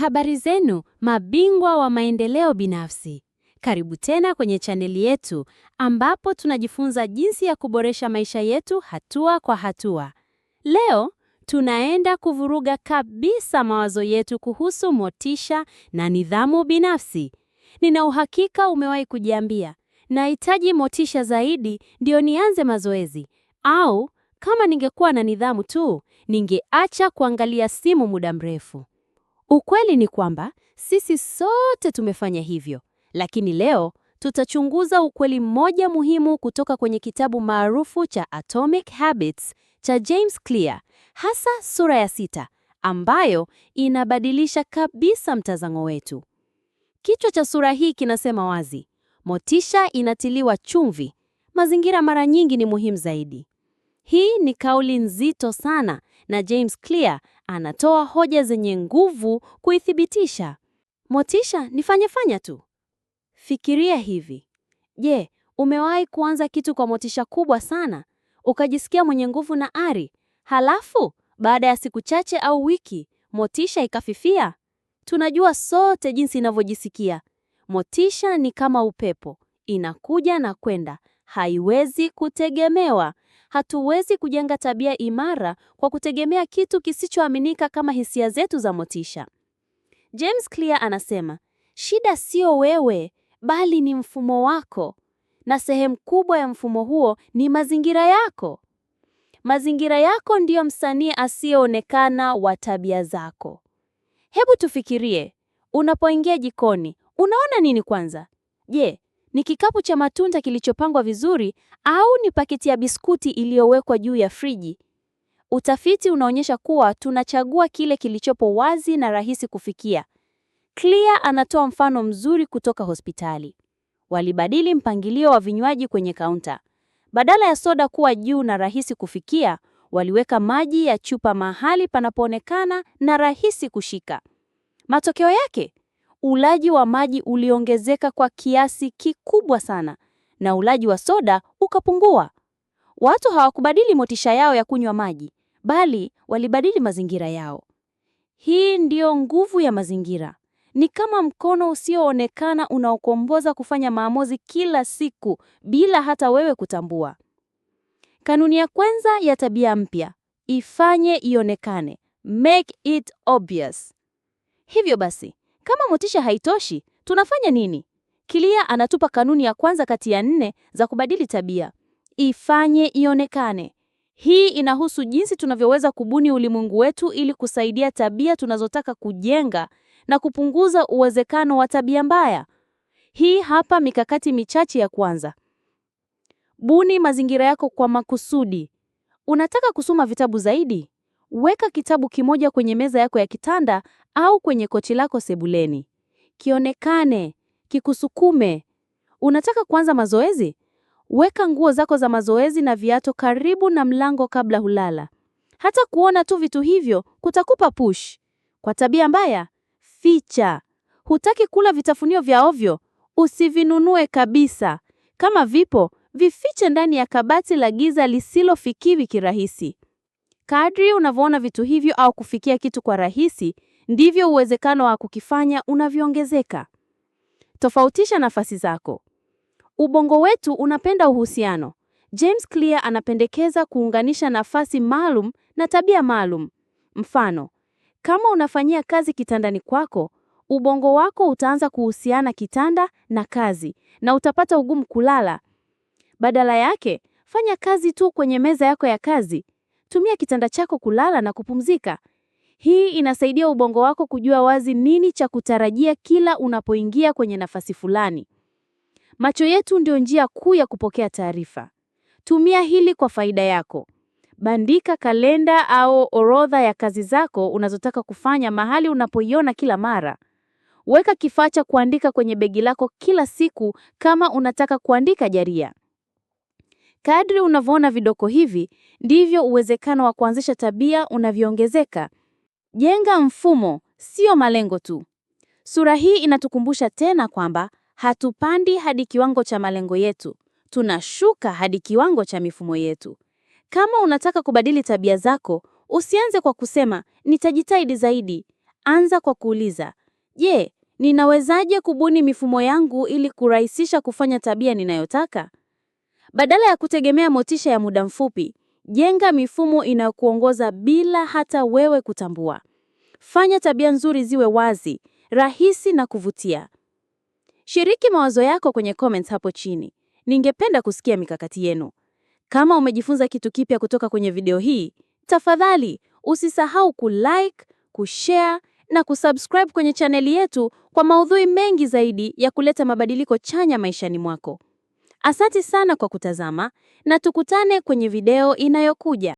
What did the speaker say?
Habari zenu mabingwa wa maendeleo binafsi. Karibu tena kwenye chaneli yetu ambapo tunajifunza jinsi ya kuboresha maisha yetu hatua kwa hatua. Leo tunaenda kuvuruga kabisa mawazo yetu kuhusu motisha na nidhamu binafsi. Nina uhakika umewahi kujiambia, nahitaji motisha zaidi ndio nianze mazoezi, au kama ningekuwa na nidhamu tu, ningeacha kuangalia simu muda mrefu. Ukweli ni kwamba sisi sote tumefanya hivyo, lakini leo tutachunguza ukweli mmoja muhimu kutoka kwenye kitabu maarufu cha Atomic Habits cha James Clear, hasa sura ya sita ambayo inabadilisha kabisa mtazamo wetu. Kichwa cha sura hii kinasema wazi, motisha inatiliwa chumvi, mazingira mara nyingi ni muhimu zaidi. Hii ni kauli nzito sana na James Clear anatoa hoja zenye nguvu kuithibitisha. Motisha ni fanya fanya tu. Fikiria hivi. Je, umewahi kuanza kitu kwa motisha kubwa sana, ukajisikia mwenye nguvu na ari, halafu baada ya siku chache au wiki, motisha ikafifia? Tunajua sote jinsi inavyojisikia. Motisha ni kama upepo, inakuja na kwenda, haiwezi kutegemewa. Hatuwezi kujenga tabia imara kwa kutegemea kitu kisichoaminika kama hisia zetu za motisha. James Clear anasema, shida sio wewe, bali ni mfumo wako, na sehemu kubwa ya mfumo huo ni mazingira yako. Mazingira yako ndiyo msanii asiyeonekana wa tabia zako. Hebu tufikirie, unapoingia jikoni, unaona nini kwanza? Je, ni kikapu cha matunda kilichopangwa vizuri au ni paketi ya biskuti iliyowekwa juu ya friji? Utafiti unaonyesha kuwa tunachagua kile kilichopo wazi na rahisi kufikia. Clear anatoa mfano mzuri kutoka hospitali. Walibadili mpangilio wa vinywaji kwenye kaunta. Badala ya soda kuwa juu na rahisi kufikia, waliweka maji ya chupa mahali panapoonekana na rahisi kushika. Matokeo yake, ulaji wa maji uliongezeka kwa kiasi kikubwa sana na ulaji wa soda ukapungua. Watu hawakubadili motisha yao ya kunywa maji, bali walibadili mazingira yao. Hii ndiyo nguvu ya mazingira. Ni kama mkono usioonekana unaokomboza kufanya maamuzi kila siku bila hata wewe kutambua. Kanuni ya kwanza ya tabia mpya, ifanye ionekane, make it obvious. Hivyo basi, kama motisha haitoshi, tunafanya nini? Kilia anatupa kanuni ya kwanza kati ya nne za kubadili tabia: ifanye ionekane. Hii inahusu jinsi tunavyoweza kubuni ulimwengu wetu ili kusaidia tabia tunazotaka kujenga na kupunguza uwezekano wa tabia mbaya. Hii hapa mikakati michache ya kwanza. Buni mazingira yako kwa makusudi. Unataka kusoma vitabu zaidi? Weka kitabu kimoja kwenye meza yako ya kitanda au kwenye kochi lako sebuleni. Kionekane, kikusukume. Unataka kuanza mazoezi? Weka nguo zako za mazoezi na viatu karibu na mlango kabla hulala. Hata kuona tu vitu hivyo kutakupa push. Kwa tabia mbaya, ficha. Hutaki kula vitafunio vya ovyo, usivinunue kabisa. Kama vipo, vifiche ndani ya kabati la giza lisilofikiwi kirahisi. Kadri unavyoona vitu hivyo au kufikia kitu kwa rahisi, ndivyo uwezekano wa kukifanya unavyoongezeka. Tofautisha nafasi zako. Ubongo wetu unapenda uhusiano. James Clear anapendekeza kuunganisha nafasi maalum na tabia maalum. Mfano, kama unafanyia kazi kitandani kwako, ubongo wako utaanza kuhusiana kitanda na kazi na utapata ugumu kulala. Badala yake, fanya kazi tu kwenye meza yako ya kazi. Tumia kitanda chako kulala na kupumzika. Hii inasaidia ubongo wako kujua wazi nini cha kutarajia kila unapoingia kwenye nafasi fulani. Macho yetu ndio njia kuu ya kupokea taarifa. Tumia hili kwa faida yako. Bandika kalenda au orodha ya kazi zako unazotaka kufanya mahali unapoiona kila mara. Weka kifaa cha kuandika kwenye begi lako kila siku kama unataka kuandika jaria. Kadri unavyoona vidoko hivi, ndivyo uwezekano wa kuanzisha tabia unavyoongezeka. Jenga mfumo, sio malengo tu. Sura hii inatukumbusha tena kwamba hatupandi hadi kiwango cha malengo yetu, tunashuka hadi kiwango cha mifumo yetu. Kama unataka kubadili tabia zako, usianze kwa kusema nitajitahidi zaidi. Anza kwa kuuliza, je, ninawezaje kubuni mifumo yangu ili kurahisisha kufanya tabia ninayotaka? Badala ya kutegemea motisha ya muda mfupi, Jenga mifumo inayokuongoza bila hata wewe kutambua. Fanya tabia nzuri ziwe wazi, rahisi na kuvutia. Shiriki mawazo yako kwenye comments hapo chini. Ningependa kusikia mikakati yenu. Kama umejifunza kitu kipya kutoka kwenye video hii, tafadhali usisahau kulike, kushare na kusubscribe kwenye chaneli yetu kwa maudhui mengi zaidi ya kuleta mabadiliko chanya maishani mwako. Asante sana kwa kutazama na tukutane kwenye video inayokuja.